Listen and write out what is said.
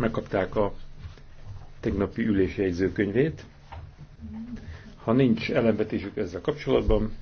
megkapták a tegnapi ülés jegyzőkönyvét. Ha nincs ellenvetésük ezzel kapcsolatban,